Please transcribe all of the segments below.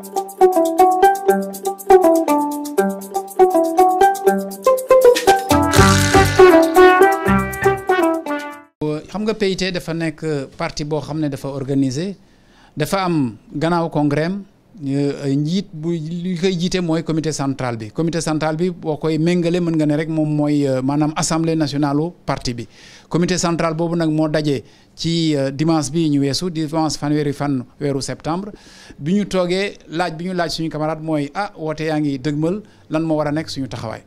xam nga PIT dafa nekk parti boo xam ne dafa organisé dafa am gannaaw congrès Euh, njiit bu li koy jiite mooy comité centrale bi comité central bi boo koy méngale mën nga ne rek moom mooy euh, maanaam assemblée nationale parti bi comité centrale boobu nag moo daje ci euh, dimanche bi ñu weesu dimanche fanweeri fan weeru septembre bi ñu toogee laaj bi ñu laaj suñu camarade mooy ah woote yaa ngi dëgmal lan moo war a nekk suñu taxawaay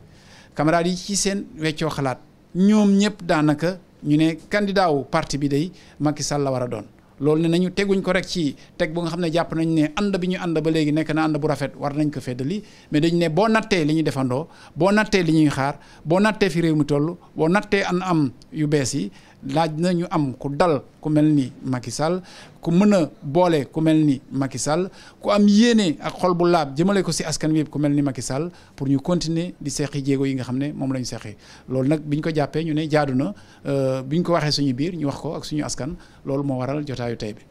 camarades yi ci seen weccoo xalaat ñoom ñëpp daanaka ñu ne kandidaawu parti bi day Macky Sall la war a doon loolu ne nañu teguñ ko rek ci teg bu nga xam ne jàpp nañu ne ànd bi ñu ànd ba léegi nekk na ànd bu rafet war nañ ko feddali mais dañu ne boo nattee li ñuy defandoo boo nattee li ñuy xaar boo nattee fi réew mi toll boo nattee an am yu bees yi laaj na ñu am ku dal ku mel ni Macky Sall ku mën a boole ku mel ni Macky Sall ku am yéene ak xol bu laab jëmale ko si askan wi yëpp ku mel ni Macky Sall pour ñu continuer di seqi jéego yi nga xam ne moom la ñu seqi loolu nag bi ñu ko jàppee ñu ne jaadu na euh, bi ñu ko waxee suñu biir ñu wax ko ak suñu askan loolu moo waral jotaayu tey bi.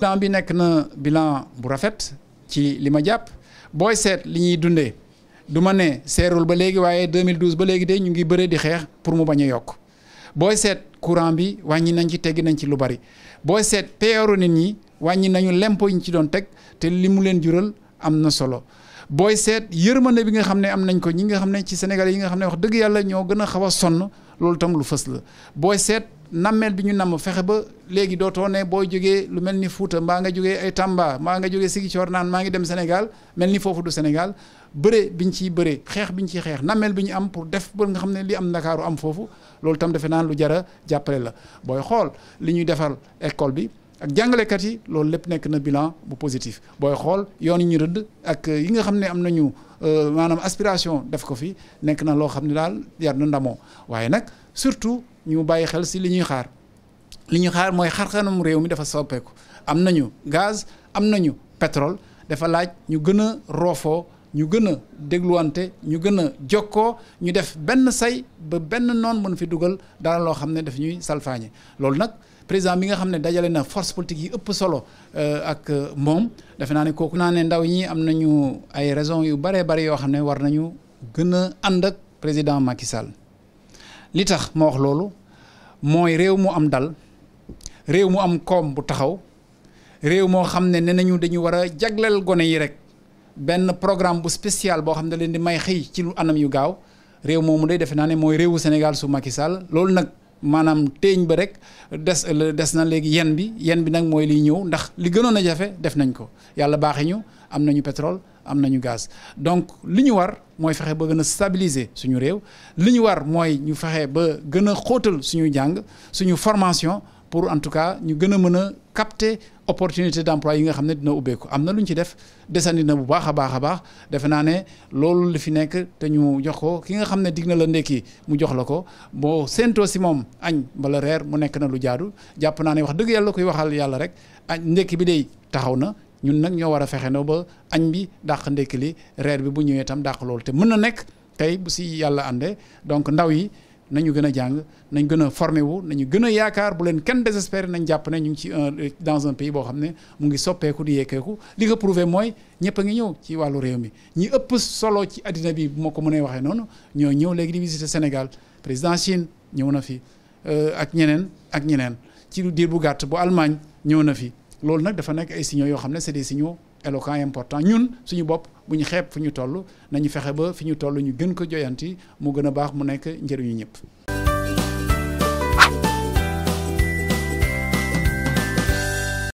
bilan bi nekk na bilan bu rafet ci li ma jàpp booy seet li ñuy dundee du ma ne seerul ba léegi waaye 2012 ba léegi de ñu ngi bëre pour mu bañ a yokk. booy seet courant bi wàññi nañ ci teggi nañ ci lu bari booy seet peeru nit ñi wàññi nañu lempo yi ñu ci doon teg te li mu leen jural am na solo booy seet yërmande bi nga xam ne am nañ ko ñi nga xam ne ci Sénégal yi nga xam ne wax dëgg yàlla ñoo gën a xaw a sonn loolu tam lu fës la booy seet nammeel bi ñu namm fexe ba léegi dootoo ne boo jógee lu mel ni Fuuta mbaa nga jógee ay Tamba mbaa nga jógee Sigicoor naan maa ngi dem Sénégal mel ni foofu du Sénégal bëre ñu ciy bëree xeex bi ñu ciy xeex nammeel bi ñu am pour def ba nga xam ne li am Ndakaaru am foofu loolu tam defe naan lu jara jàppale la booy xool li ñuy defal école bi ak jàngalekat yi loolu lépp nekk na bilan bu positif booy xool yoon ñu rëdd ak yi nga xam ne am nañu euh, maanaam aspiration def ko fi nekk na loo xam ne daal yar na ndamoo ñu bàyyi xel si li ñuy xaar li ñuy xaar mooy xarxanam réew mi dafa soppeeku am nañu gaz am nañu petrole dafa laaj ñu gën a roofoo ñu gën a dégluwante ñu gën a jokkoo ñu def benn say ba benn noon mën fi dugal dara loo xam ne daf ñuy salfaañe loolu nag président bi nga xam ne dajale na force politique yi ëpp solo euh, ak euh, moom defe naa ne kooku naa ne ndaw ñi am nañu ay raison yu baree bari yoo xam ne war nañu gën a ànd ak président Macky li tax ma wax loolu mooy réew mu am dal réew mu am koom bu taxaw réew moo xam ne ne nañu dañu war a jagleel gone yi rek benn programme bu spécial boo xam ne leen di may xëy ci lu anam yu gaaw réew moomu day defe naa ne mooy réewu Sénégal su Macky Sall loolu nag maanaam téeñ ba rek des des na léegi yen bi yen bi nag mooy liy ñëw ndax li gënoon a jafe def nañ ko yàlla baaxee am nañu pétrole am nañu gaz donc li ñu war mooy fexe ba gën a stabiliser suñu réew li ñu war mooy ñu faxe ba gën a xóotal suñu jàng suñu formation pour en tout cas ñu gën a mën a capter opportunité d'emploi yi nga xam ne dina ubbeeku am na lu ñu ci def desandi na bu baax a baax a baax defe naa ne loolu lu fi nekk te ñu jox ko ki nga xam ne digg na la ndekki mu jox la ko boo séentoo si moom añ bala reer mu nekk na lu jaadu jàpp naa ne wax dëgg yàlla koy waxal yàlla rek añ ndekki bi day taxaw na ñun nag ñoo war a fexe na ba añ bi dàq ndekki li reer bi bu ñëwee itam dàq loolu te mën na nekk tey bu si yàlla àndee donc ndaw yi nañu gën a jàng nañ gën a formé wu nañu gën a yaakaar bu leen kenn désespéré nañ jàpp ne ñu ngi ci un dans un pays boo xam ne mu ngi soppeeku di yekkeeku li ko prouvé mooy ñëpp a ngi ñëw ci wàllu réew mi ñi ëpp solo ci àddina bi bu ma ko mënee waxee noonu ñoo ñëw léegi di visiter Sénégal président Chine ñëw na fi euh, ak ñeneen ak ñeneen ci diir bu gàtt bu Allemagne ñëw na fi loolu nag dafa nekk ay signaux yoo xam ne c'est des signaux éloquents important ñun suñu bopp bu ñu xeeb fu ñu toll nañu fexe ba fi ñu toll ñu gën ko joyanti mu gën a baax mu nekk njëriñu ñëpp